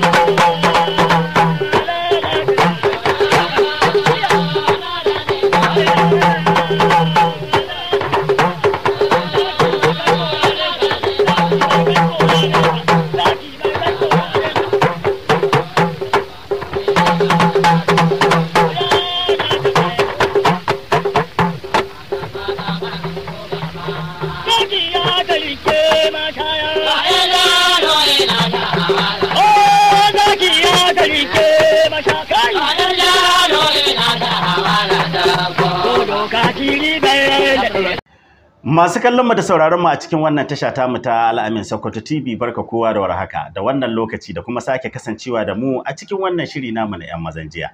bom, bom, bom. Masu kallon mu da sauraron mu a cikin wannan tasha ta mu ta Al'amin Sokoto TV barka kowa da warhaka da wannan lokaci da kuma sake kasancewa da mu a cikin wannan shiri mu na 'yan mazan jiya.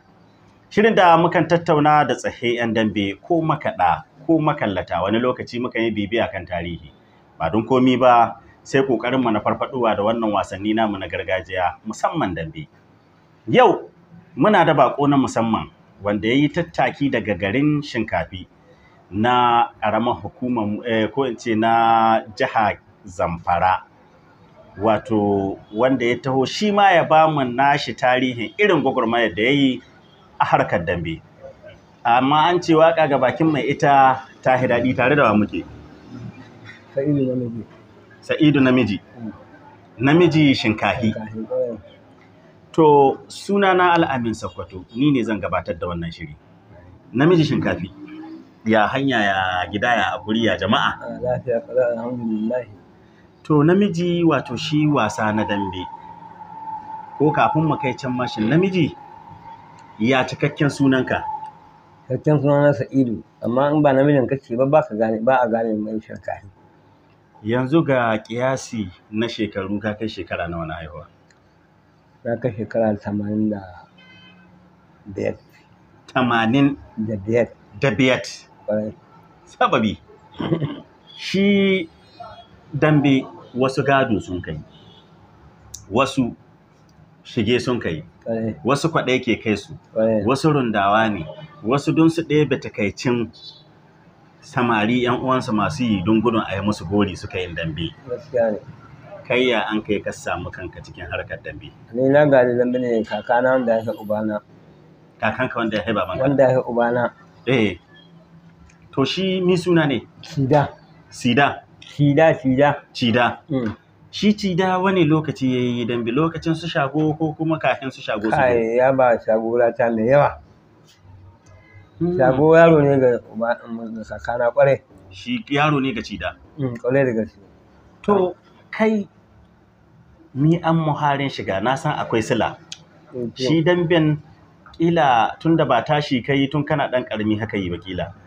Shirin da mukan tattauna da tsahe 'yan dambe ko makaɗa ko makallata wani lokaci mukan yi bibiya kan tarihi ba don komi ba sai kokarin mu na farfaduwa da wannan wasanni namu na gargajiya musamman dambe. Yau muna da bako na musamman wanda yayi tattaki daga garin Shinkafi na ƙaramar hukuma, eh, ko in ce na jiha zamfara wato wanda ya taho shi ma ya ba mu nashi tarihin irin gwagwarmaya da ya yi a harkar dambe amma an ce waka ga bakin mai ita ta daɗi tare da wa muke sa'idu namiji namiji shinkahi to sunana al'amin sakwato ni ne zan gabatar da wannan shiri namiji shinkafi ya hanya ya gida ya aburi ya jama'a ah, lafiya kala alhamdulillah to namiji wato shi wasa na dambe ko kafin mu kai can mashin namiji ya cikakken sunanka cikakken na sa'idu amma in ba namijin kake ba ba ka gane ba a gane mai shirka yanzu ga kiyasi na shekaru ka kai shekara nawa na haihuwa na kai shekara tamanin da biyar tamanin da biyar da biyar sababi shi dambe wasu gado sun kai wasu shige sun kai wasu kwaɗe ke kai su wasu rundawa ne wasu don su ɗebe takaicin samari yan uwansa masu yi don gudun a yi musu gori suka yin dambe kai ya an kai ka samu kanka cikin harkar dambe ni na gari dambe ne kakana wanda ya uba na. kakanka wanda ya haifa ba wanda ya ubana eh to shi mi suna ne cida sida cida cida mm. cida shi cida wani lokaci ya yi dambe lokacin su shago ko kuma kafin su shago su kai ya ba shago rata mai yawa mm. shago yaro ne ga sakana mm, kwarai shi yaro ne ga cida kwarai da gaske to kai mi an muharin shiga na san akwai sila shi damben kila tun da ba tashi kai tun kana dan karami haka yi ba kila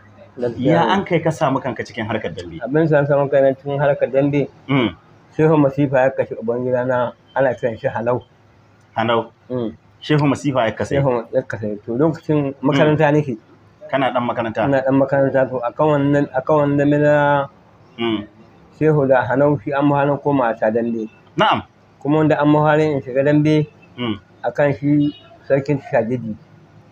ya an kai ka samu kanka cikin harkar dambe abin san samu kanka cikin harkar dambe mm. shehu masifa ya kashe ubangida na ana cewa shi halau halau mm. shehu masifa ya kashe shehu ya kashe to lokacin makaranta mm. nake kana dan makaranta ina dan makaranta to akan wannan akan wannan mina shehu da hanau shi an mahalin koma a dambe na'am kuma wanda an mahalin in shiga dambe akan shi sarkin shagidi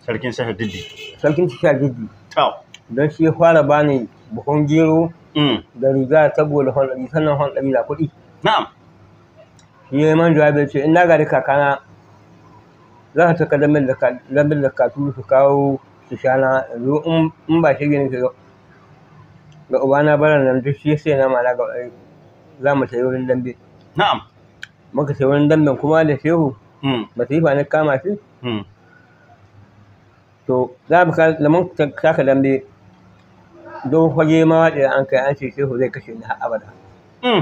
sarkin shagidi sarkin shagidi to don shi ya fara bani buhun gero mm. da riga saboda hulɗari sannan hulɗari da kuɗi na'am shi ya yi man jawabi ce in na gari kakana za ka taka zambin da katu su kawo su na yanzu in ba shi gini ga ga ubana baran nan duk shi ya sai nama na ga eh, za mu sayi wurin dambe na'am muka sayi wurin damben kuma da shehu mm. ba su yi fa kama shi mm. to za mu ka lamar shaka dambe don fage ma da an kai an ce shehu zai kashe ni har abada mm.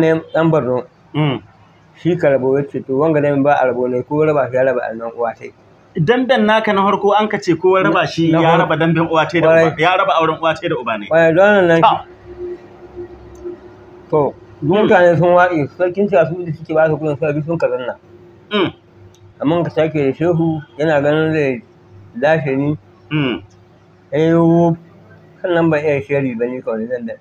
ne dan barno mm. shi ka rabo ya ce to wanga ne ba a rabo ne ko raba shi ya raba annan uwa sai dandan naka na harko an ka ce kowa raba shi ya raba dambin uwa da uba ya raba auren uwa da uba ne wai don nan to mutane sun waƙe sarkin cewa su da suke ba su kudin bi sun ka zanna mm. amma ka sake da shehu yana ganin zai lashe ni eh kan nan ban iya sheri ba ni kawai zan da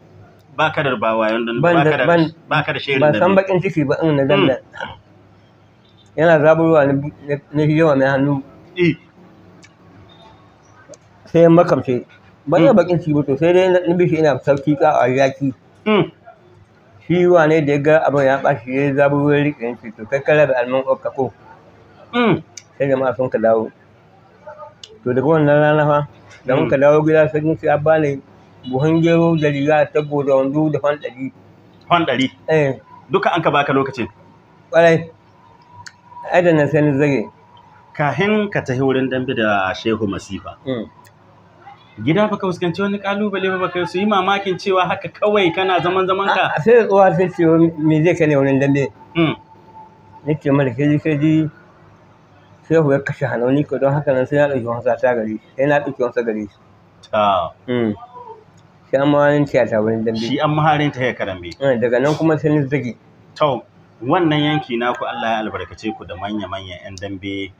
ba ka da bawa yanda ba ka da ba ka da sheri ba san bakin ciki ba in na zan da hmm. yana zaburwa na yawa mai hannu sai makamce ba iya hmm. bakin ciki ba to sai dai na bishi ina sauki ka a yaki hmm. shi yi wane da ya ga abin ya bashi ya yi zaburwa rikin ce to kai kala da alman ƙwaƙa ko sai jama'a sun ka dawo to daga wannan rana fa da muka dawo gida sai mun sai bani buhun gero da riga ta goda wando da fan ɗari. Fan ɗari? Eh. Duka an ka baka lokacin? Ƙwarai. Adana sai ni zage. Kahin ka tafi wurin dambe da Shehu Masifa. Mm. Gida baka fuskanci wani kalubale ba baka su yi mamakin cewa haka kawai kana zaman zaman ka. Sai da tsohuwa sai ce me zai ka ne wurin dambe. Mm. Nake mara kaji kaji sai ya kashe hanauni ko don haka nan sai ya ɗauki wasa ta gare shi sai na ɗauki wasa gare shi mm. shi an maharin ta ta wani dambe shi an maharin ta ya karambe mm, daga nan kuma sai ni zagi to wannan yanki ku Allah ya albarkace ku da manya manya ƴan dambe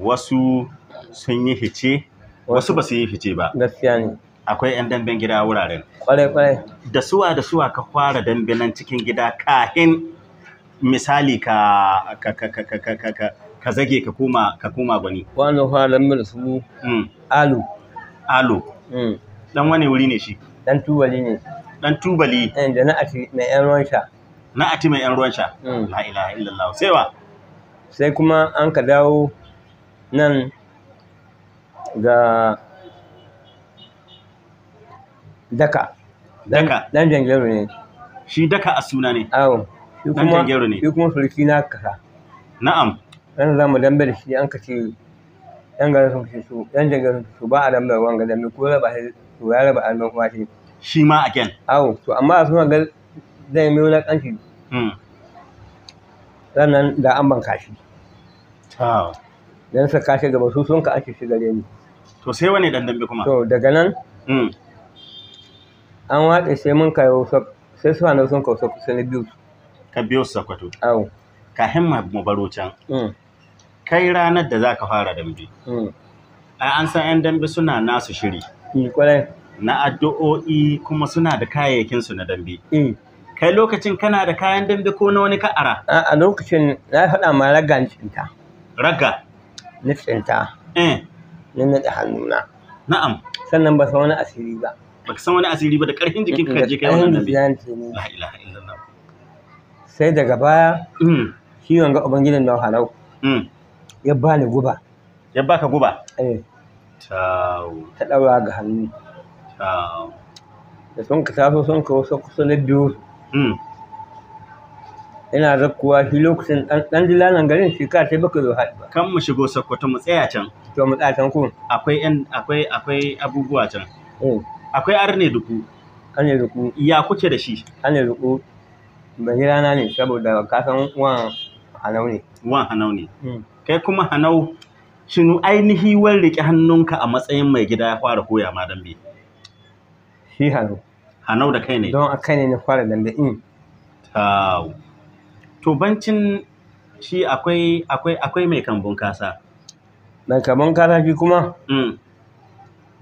wasu sun yi hice wasu ba su yi fice ba gaskiya ne akwai ƴan damben gida wuraren kwarai kwarai da suwa da suwa ka fara dambe nan cikin gida kahin misali ka ka ka ka ka ka ka zage ka koma ka koma gwani wani halin mil su mm. alu alu mm. dan wani wuri ne shi dan tubali ne dan tubali eh, da na'ati mai yan ruwan sha Na'ati mai yan ruwan sha mm. la ilaha illallah sai wa sai kuma an ka dawo nan ga daka daka dan jangiru ne shi daka a suna ne awo shi kuma shi kuma sulki na kasa na'am Yan za mu dambe da shi an ka ce yan garin sun ce su yan jin garin su ba a dambe ruwan ga dambe ko raba to ya raba alman kuma shi shi ma again awo to amma sun ga zai mai wulakanci hmm. sannan da an ban kashi. don saka shi gaba su sun ka ake shi gare ni to sai wani dan dambe kuma to daga nan hmm. an watsa sai mun kayo sai su hana sun kawo kusa na biyu ka biyu sakwato awo kahin mu baro can hmm. kai ranar da za ka fara dambe hmm. ai an san 'yan dambe suna nasu shiri hmm, na addu'o'i kuma suna da kayayyakinsu na dambe hmm. kai lokacin kana da kayan dambe ko na wani ka'ara a lokacin na faɗa ma raga tsinta raga na tsinta eh. na naɗa hannuna na'am sannan ba san wani asiri ba ba san wani asiri ba da ƙarfin jikin ka je kai wannan dambe kai ilaha illallah sai daga baya ciwon ga Ubangijin na halau ya ba ni guba ya ka guba eh ta daura ga hannu da sun ka taso sun ka wasu kusa na biyu hmm. ina zakkuwa shi lokacin ɗan dilalan garin shi ka sai baka zo haɗu ba kan mu shigo sokoto mu tsaya can to mu tsaya can ko akwai akwai akwai abubuwa can eh. akwai arne duku arne duku ya kuke da shi arne duku bahirana ne saboda ka san wan hanau ne wan hanau ne hmm. kai kuma hanau shinu ainihi wal riƙe hannunka a matsayin mai gida ya fara koya ma dambe shi hanau hanau da kai ne don a kai ne na fara dambe in mm. tau to bancin shi akwai akwai akwai mai kambun kasa mai kambun kasa shi kuma mm.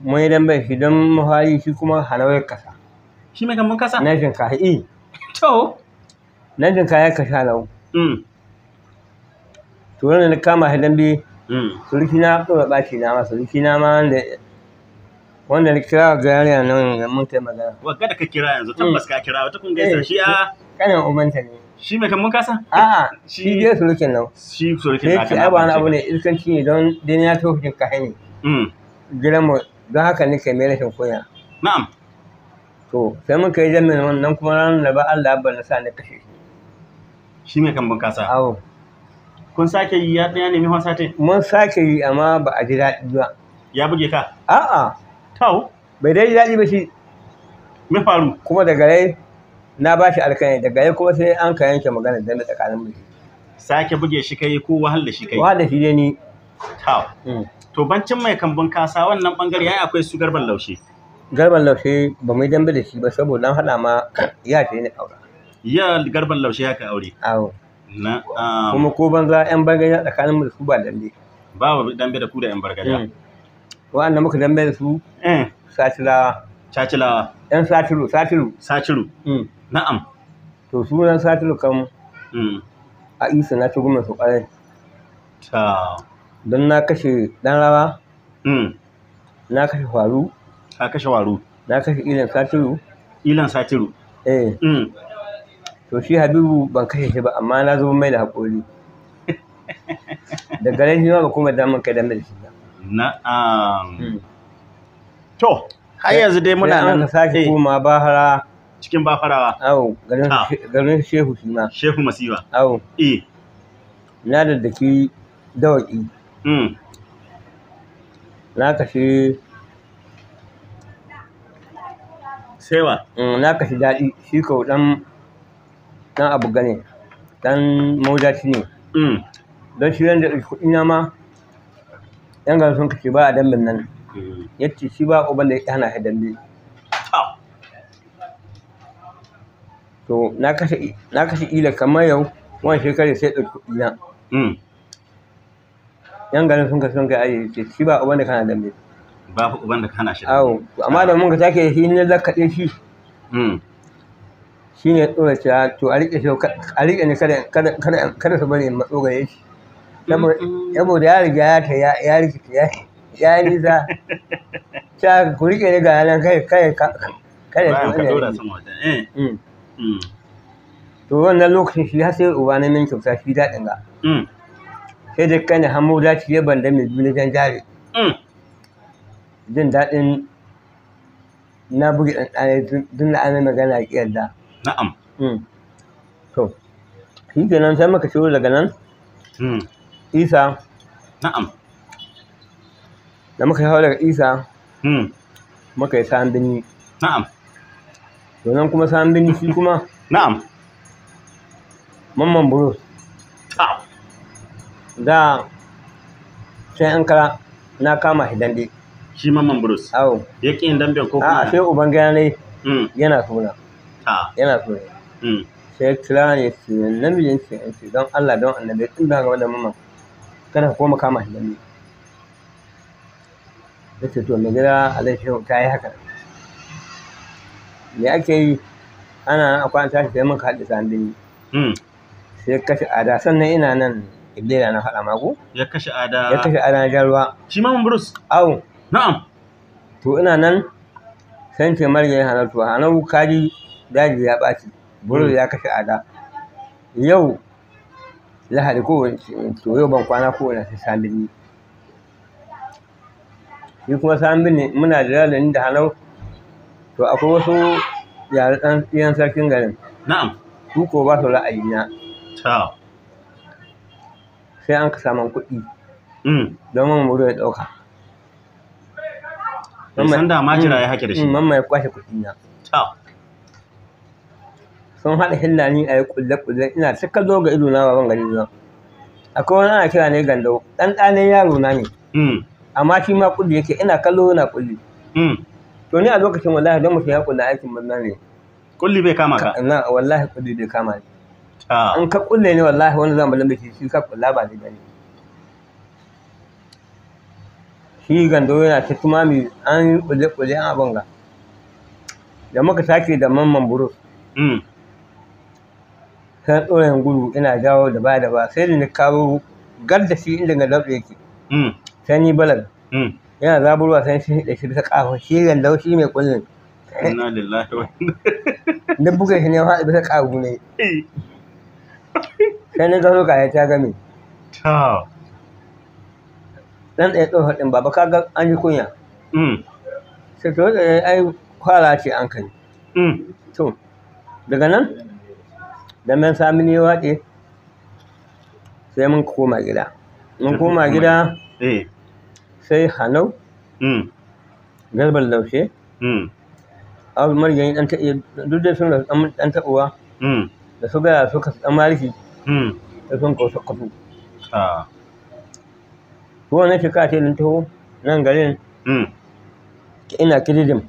mai dambe shi don muhari shi kuma hanau ya kasa shi mai kambun kasa na jin i to na shinkafa ya kasa hanau mm. to wannan na kama shi dambe mm. suruki na kawai ɓaci na masa suruki na ma wanda wanda na kira ga yariya nan mun kai magana wagga da ka kira yanzu tabbas ka kira wata kun gaisa eh, shi a kanin ubanta ne shi mai kamun kasa a'a shi dai surukin nan shi surukin nan ai ba wani abu ne iskanci ne don dan ya to hukin ka hani mm. gidan mu don haka ne kai mai rashin koya na'am to sai mun kai jamin nan kuma ranar da ba Allah bar na sa ni kashe shi mai kamun kasa awo kun sake yi ya ɗaya nemi satin? mun sake yi amma ba a ji daɗi ba ya buge ka a'a tau bai dai daɗi ba shi mai faru kuma daga rai na ba shi alkane daga rai kuma sai an ka yanke magana da na tsakanin mu sake buge shi kai ko wahal da shi kai wahal da shi dai ni tau hmm. to bancin mai kambun kasa wannan bangare yayi akwai su garban laushe garban laushe ba mu yi dambe da shi ba saboda an haɗa ma ya ce ni aure ya garban laushe ya ka aure Um, kuma ko banza yan bargaja tsakanin mu da su ba dambe babu dambe da ku da yan bargaja hmm. wa'anda muka dambe da su eh. satilawa cacilawa yan satiru satiru satiru hmm. na'am to sunan satiru kan hmm. a isa na ci gumin su kwarai don na kashe dan rawa na kashe faru ka kashe waru na kashe ilan satiru ilan satiru eh to shi habibu ban kashe shi ba amma na zuba mai da haƙori daga nan shi ma ba kuma damar kai damar da shi ba na'am hmm. to har yanzu dai muna nan ka sake eh. koma bahara cikin bafarawa awo ah. garin shehu shi ma shehu masiwa awo eh na da daki dawaki hmm. na kashe sewa mm, na kashe daɗi shi ko dan ɗan abu gane ɗan mawudaci ne mm. don shi yadda kuɗi na ma yan gari sun ba a dambin nan mm. yadda shi ba uban da ya hana shi dambe to na kashe ila kamar yau wani shekaru sai ɗauki kuɗi na mm. yan garin sun kasu sun kai aji ce shi ba uban da kana dambe ba uban da kana shi dambe. amma da mun ka take shi ne zaka ɗe shi shi ne ya cewa to a riƙe a riƙe ni kada su bari in matso shi saboda ya riga ya ta ya rikita ya yi nisa cewa ku riƙe ni ga nan kai kai kada su bari to wannan lokacin shi har sai uba na nan kyauta shi daɗin ga mm. sai da kan hamu za ci ya da mai juna jan jari mm. jin daɗin na bugi ɗan ɗanai tun na ana magana ƙiyar da na'am hmm. to shi kenan sai maka shiro daga nan hmm. isa na'am da muka shawo daga isa maka hmm. yi sandini na'am donan kuma sandini shi kuma na'am mamman burus ah. da sai an kara na kama shi dande. shi mamman bruce. awo ya yin dambe ko kuma a sai uban gane yana suna yana so ne hmm. sai ya kira ne yi namijin ce in ce don Allah don annabi tun da game da mamman kada ka koma kama shi lalle ya ce to mai gida alaihi ta yi haka me ake yi ana nan akwai an tashi sai muka haɗe sandini hmm. sai kashe ada sannan ina nan iblera na faɗa mako ya kashe ada ya kashe ada na jarwa shi ma mun burus awo na'am to ina nan sai ce marge halartu hanau kaji daji ya ɓaci buru hmm. ya kashe ada yau lahadi ko to yau ban kwana ko wani sai sambin ni kuma sami ne muna da lalani da hanau to akwai wasu yare ɗan iyan sarkin garin na'am su ko ba su ra'ayi na sai an ka saman kuɗi hmm. don mamma muru ya ɗauka Mamma ya hmm, kwashe kuɗi na. sun haɗa hillani a yi ƙulle-ƙulle ina ta kallo ga ido na ban gani na akwai wani ana kira ne gando. ɗan ɗanen yaro na ne hmm. amma shi ma ƙulli yake ina kallo yana ƙulli hmm. to ni a lokacin wallahi don mutum ya ƙulla aikin murna ne ƙulli bai kama ka na wallahi ƙulli bai kama ni ah. in ka ƙulle ne wallahi wani zan balin biki shi ka ƙulla ba ni bane shi gando yana ta tumami an ƙulle-ƙulle an abanga da muka sake da mamman burus hmm. sai tsoron gudu ina jawo daba daba sai da ni kawo gardashi inda ga dabbe yake mm. sai ni balag mm. yana zaburwa sai shi da shi bisa kafa shi gandau shi mai kullun inna lillahi wa inna buga shi ne ha bisa kagu ne eh. sai ni gano ka ya ta game ta dan ɗaya tsohon ɗin baba ka ga an yi kunya mm. sai to eh, ai fara ce an kai to daga nan da man sami ne waɗe sai mun koma gida mun koma gida eh. sai hanau mm. garbar laushe mm. abu marigani ɗan ta iya duk da sun rasu ɗan taɓuwa mm. da su gaya su ka ɗan mariki da sun kawo kafu ah. su wannan shekara ce yi taho nan garin ina kiridim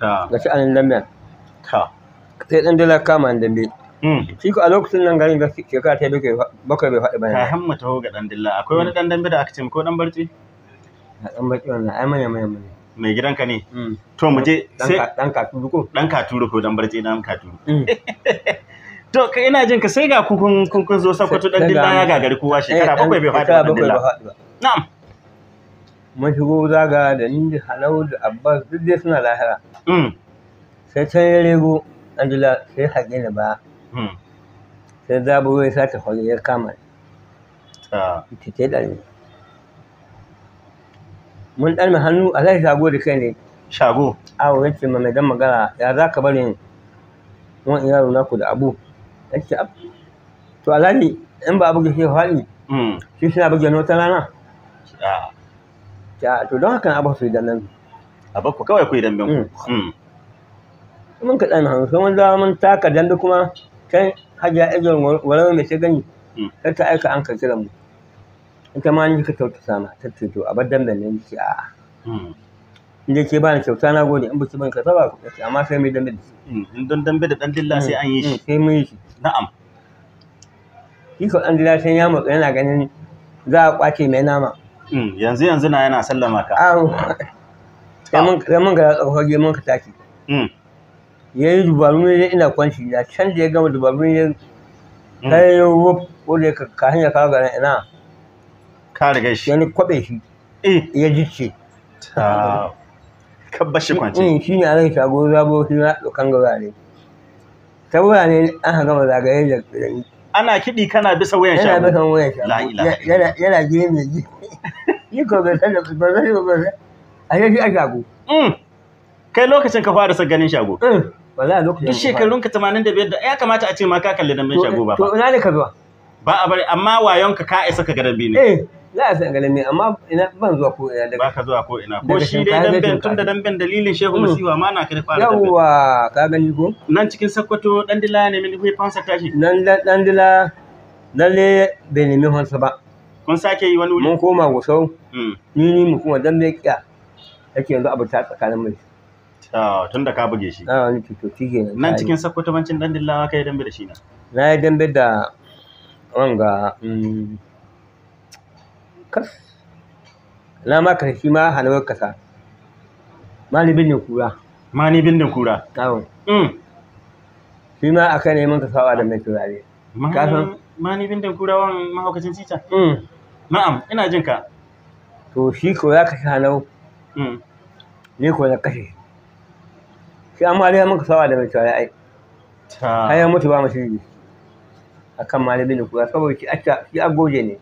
ga sha'anin lambiyan sai ɗan dala kama dambe Hmm. shi ko a lokacin nan garin shekara ta bakwai bakwai bai faɗi bayan ka hamma taho ga dan dilla akwai wani dan dambe da aka ce ko dan barci dan barci wannan ai manya manya manya mai gidanka ne hmm. to mu je sai dan katuru ko dan katuru ko dan barci dan katuru hmm. to ka ina jin ka sai ga ku kun kun zo sakwato dan dilla ya gagari kowa eh, shekara bakwai bai faɗi dan dilla na'am mun shigo zaga da ni da halau da abbas duk dai suna lahira sai can ya rego an dila sai haƙe ni ba Hmm. sai zaburo ya sata hori ya kama ita ce ɗari mun ɗarmi hannu a zai shago da kai ne shago a wurin ce mai dan magana ya za ka bari wani yaro naku da abu ya ce to alhaji in ba abu da shi faɗi hmm. shi suna buge wata rana to don haka abu su idan nan abu ku kawai ku idan bin ku mun ka ɗan hannu sai mun zama mun taka dambe kuma can hajiya ajiyar wani mai ta gani hmm. sai ta aika an ka kira mu ita ma ni kika kyauta sama ta ce to a bar dandan ne ce a'a hmm. inda ke ba ni kyauta na gode in baki ban kaza ba kuɗi amma sai mai dambe da shi hmm. in don dambe da dan dilla sai an yi shi sai mun yi shi na'am shi dan dilla sai ya mutsa yana ganin za a kwace mai nama yanzu yanzu na yana sallama ka sai mun ga tsohon mun ka taki ya yi dubaru ne ina kwanci da can da ya gama dubaru ne yi hmm. ya wuf da ya ka hanya kawo gane ina ka riga shi yani kwabe shi eh. ya jice ta kabba shi kwanci mm, shi ne alai shago zabo shi na dokan gaba ne saboda ne an gama zagaye da ana kiɗi kana bisa wayan shago yana bisa wayan shago yana gini mai ji yi ko bai da ba zai ba zai a yi shi a shago mm. kai lokacin ka fara ganin shago eh, wallahi lokacin duk shekarunka 85 da ya kamata a ce ma ka kalli dambin shago ba to ina ne ka zuwa ba a bari amma wayon ka ka isa ka ga dambe ne eh za a san ne amma ina ban zuwa ko ina daga ba ka zuwa ko ina ko shi dai damben tun da damben dalilin shehu musiwa mm. ma na kai fara damben yawa ka gani ko nan cikin sakkwato dan dila ne min kai fansa tashi nan dan dila lalle bai nemi fansa ba kun sake yi wani wuri mun koma gusau mm. ni ni mu kuma dambe kya yake yanzu abu ta tsakanin mu. Ah, tun da ka buge shi a ah, wani to shi nan cikin sakkwatabancin dan dillawa kai dambe da shi na na yi dambe da wanga mm, kas na ma kan shi ma halawar kasa mani bin kura mani bin kura tawo mm. shi ma aka neman ka sawa da mai turare kasan mani bin kura wan mahaukacin cica mm. na'am ina jin ka to shi ko ya kashe halau ni ko ya kashe shi amma dai muka sawa da mai ya ai ta ya mutu ba mu kan akan malamin kura saboda ki aka shi agoje ne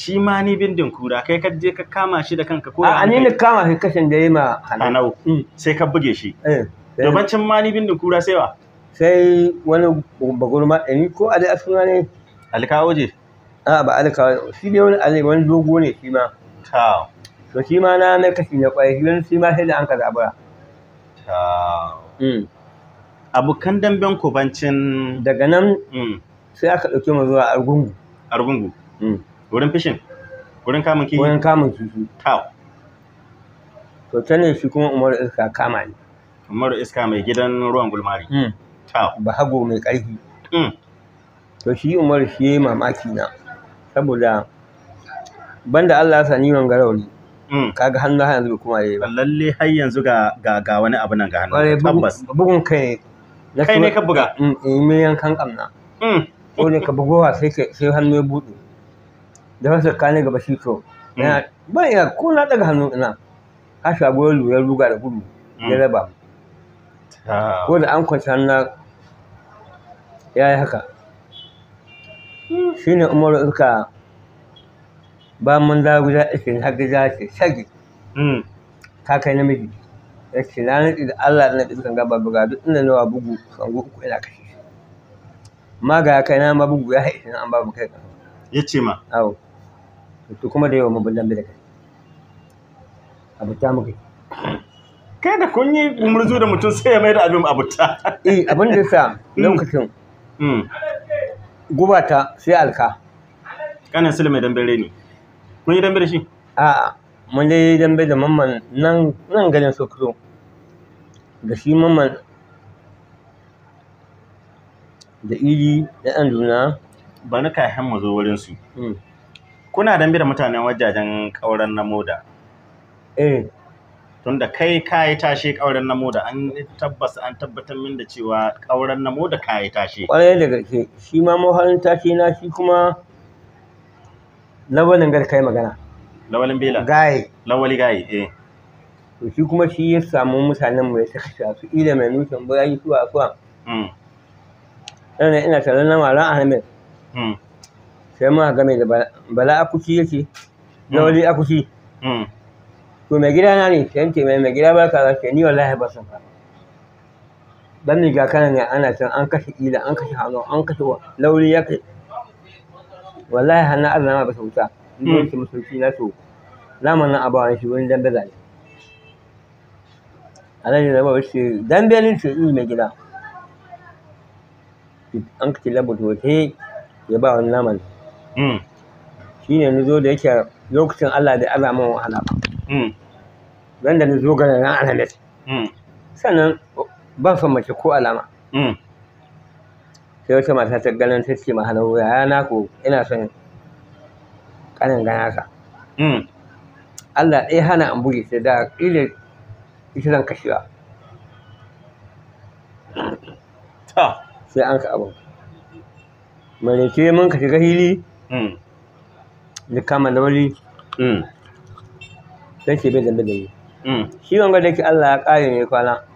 shi ma ni bindin kura kai ka je ka kama shi da kanka ko a ni ne kama shi kashin da yayi ma hanau mm. sai ka buge shi dobancin eh, eh. ma ni bindin kura sai wa sai wani bagurma ɗani eh, ko a ali asuna ne alkawoje a ba alkawo shi ne wani alai wani dogo ne shi ma to shi ma na mai kashi ya kwaye shi wani shi ma sai da an ka Ta. Hmm. abokan damben kubancin daga nan hmm. sai aka ɗauke mu zuwa argungu argungu hmm. wurin fishin wurin kamun kifi wurin kamun kifi kawo to ta ne shi kuma umaru iska kama ne umaru iska mai gidan ruwan gulmari ba bahago mai ƙarfi to shi umaru shi ya yi mamaki na saboda banda allah ya sani wangarau ne Mm. kaga hannu har yanzu bai kuma yayi ba lalle har yanzu ga ga ga wani abu nan ga hannu tabbas bugun kai ne kai ne ka buga in mm, eh, me yankan kamna mm. ko ne ka bugowa sai sai hannu ya bude da wasu kane gaba shi to ba ya ko na daga hannu ina ka shago ya ruga da gudu ya raba ko da an kwanci hannu ya yi haka shine umaru suka ba mun dawo gida ake har gida ce shagi mm. ka kai namiji ya ce na nutsi da Allah na ɗin ganga ba buga duk inda nawa bugu sango uku ina kashe ma ga kai na ma bugu ya haɗe an babu kai kan ya ce ma awo to kuma da yawa mabullan bai da kai abu ta muka kai da kun yi umurzu da mutum sai ya mai da abin abuta eh abin da sa mm. lokacin mm. gubata sai alka kanan sulmai dambare ne kun yi dambe da shi a'a mun dai dambe da mamman nan nan garin sokoto da shi mamman da iri da ɗan juna ba na kayan mu zo wurin su hmm. kuna dambe da mutanen wajajen ƙauren na moda eh tunda kai kayi tashe ƙauren na moda an tabbas an tabbatar min da cewa ƙauren na moda kayi tashe ƙwarai da gaske shi ma maharin tashe na shi kuma lawalin gar kai magana lawalin bela gaye lawali gaye eh to shi kuma shi ya samu mutanen mu ya saka shi a su ila mai nufin bayan zuwa zuwa. suwa ɗan hmm. ina tare na mara ahmed hmm. sai muka game da bala akuci yake hmm. lawali akuci to mai gida na ne sai ce mai mai gida ba ka ce ni wallahi ba san ka dan ni ga kana ne ana san an kashe ila an kashe hano an kashe lawali ya wallahi hannun Allah na su wuta in ba shi na so naman nan abawan shi wani dambe zai alhaji da bawa shi dambe ne ce yi mai gida an kace labar hote ya ba wani naman hmm. shi ne ni zo da yake lokacin Allah da Allah man wahala ba wanda hmm. ni zo ga nan alhamis. Hmm. sannan ban son mace ko alama sai wata mata ta ganin ta ce mahana ya na ko ina son kanin ganasa hmm. Allah ɗaya hana an buge sai da ƙila ita zan kashewa sai an ka abin mareke mun ka shiga hili hmm. da kama da wuri. Hmm. dan ke bai zambi da yi shi wanga da ke Allah ya ƙari ne kwana